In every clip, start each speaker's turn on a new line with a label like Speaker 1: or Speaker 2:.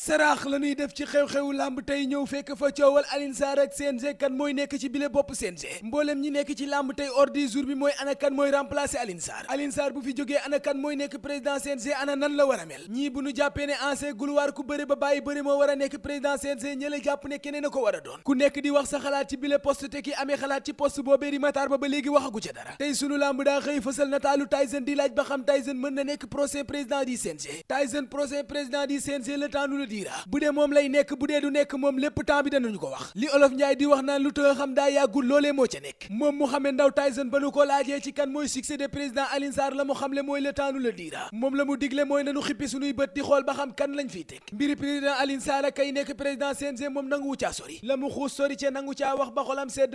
Speaker 1: saraax la ñuy def ci xew-xewu làmb tey ñëw fekk fa coowal Alioune Sarr ak CNG kan mooy nekk ci bile bopp CNG mboolem ñi nekk ci làmb tey ordre du jour bi mooy ana kan mooy remplacer Alioune Sarr bu fi jógee ana mooy nekk président CNG ana nan la war a mel ñii bu ñu jàppee ne ancien gloire ku bëre ba bàyyi bëre moo war a nekk président CNG ñële jàpp ne keneen a ko war doon ku nekk di wax sa xalaat ci bile poste te ki amee xalaat ci poste boobee di dira bu dee moom lay nekk bu dee du nekk moom lépp temps bi danañu ko wax li olof njaay di wax naan lu tënk xam daa yàggul loolee moo ca nekk moom Mohamed Ndao Tyson ba nu ko laajee ci kan mooy succéder président Alioune Sarr la mu xamle mooy le temps nu la dira moom la mu digle mooy di xool xam kan lañ la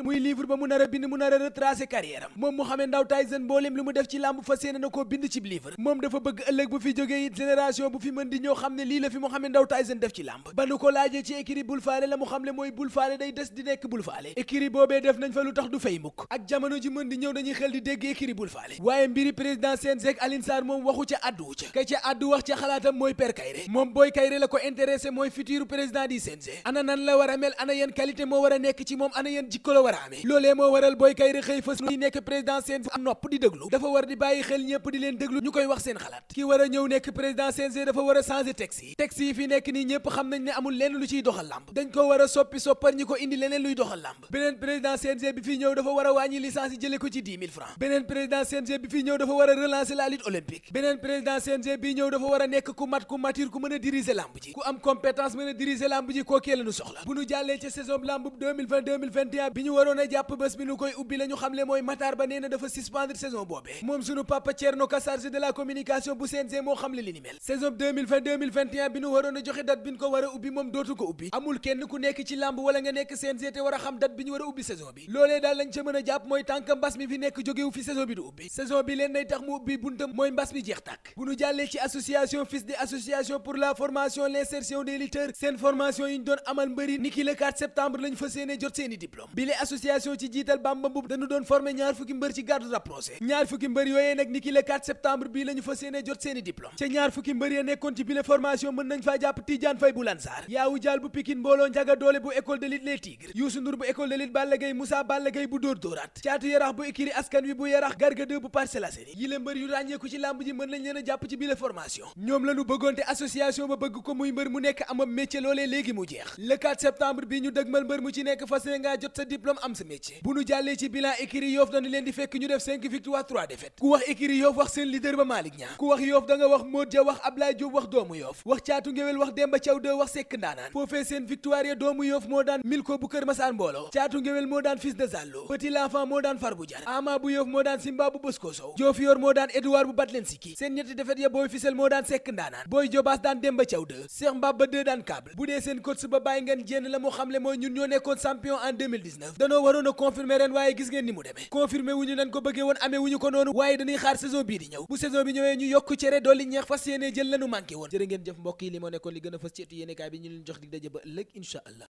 Speaker 1: mu mu nar a bind mu nar mu def ci làmb fas yéene na koo bind ci livre moom dafa bëgg ëllëg bu fi jógee it génération bu fi mën di ñoo xam ne lii Tyson ba nu ko laajee ci écurie Boul la mu xam mooy Boul day des di nekk Boul Falé boobee def nañ fa lu tax du fay mukk ak jamono ji mën di ñëw dañuy xel di dégg écurie Boul waaye mbiri président CNG Alioune moom waxu ca àdduwu ca ka ca àddu ca xalaatam mooy Père Kayré moom Boy Kayré la ko intéressé mooy futur président di CNG ana nan la war mel ana yeen qualité moo war nekk ci moom ana yeen jikko la war a loolee moo nekk nii ñëpp xam nañ ne amul lenn lu ciy doxal làmb dañ ko war soppi soppar ñi ko indi leneen luy doxal làmb beneen président CNG bi fii ñëw dafa war wàññi licence yi jële ko ci bi ñëw dafa war a la lutte olympique beneen président CNG bi ñëw dafa war nekk ku mat ku mature ku mën a diriger ji ku am compétence mën a diriger ji kookee la soxla bu ñu jàllee ca saison làmb 2020 bi ñu waroon a jàpp bés bi ñu koy ubbi la xamle moo joxe bi ñu ko war ubbi moom dootu ko ubbi amul kenn ku nekk ci làmb wala nga nekk CNG te war a xam date bi ñu war ubbi saison bi loolee daal lañ ca mën a jàpp mooy tànk mbas mi fi nekk jógewu fi saison bi du ubbi saison bi leen day tax mu ubbi buntam mooy mbas mi jeex tàkk bu ñu jàllee ci association fils de association pour la formation l'insertion des lutteurs seen formation yi ñu doon amal mbëri niki le 4 septembre lañ fas jot seeni diplôme Pape Tidiane Faye bu Lansar yaawu jaal bu Pikine mbooloo njaga doole bu école de lutte les tigres Youssou Ndour bu école de lutte Balla Gaye Moussa Balla Gaye bu dóor dóoraat caatu yarax bu écurie askan wi bu yarax Garga bu Parcelles Assainies yi mbër yu ràññeeku ci làmb ji mën nañ leen a jàpp ci bile formation ñoom la bëggoon te association ba bëgg ko muy mbër mu nekk amam métier loolee léegi mu jeex le 4 bi ñu dëgmal mbër mu ci nekk fas seen leader ba wax Demba Thiaw 2 wax sekk ndaanaan foofee seen victoire ya doomu yoof moo daan milko bu kër Masaan mbooloo caatu ngéwél moo daan fils de Zallo petit l'enfant moo daan far bu jar ama bu yoof moo daan simba bu bëskoo sow joofiyoor moo daan Edouard bu batleen sikki seen ñetti defet ya booy fisel moo daan sekk ndaanaan booy jobaas daan Demba seen coach ba bàyyi ngeen jénn la mu xamle mooy ñun ñoo nekkoon champion en 2019 danoo waroon a confirmer ren waaye gis bu saison bi gën a fas ci etu yéenekaay bi ñu leen jox dig daje ba ëllëg incha allah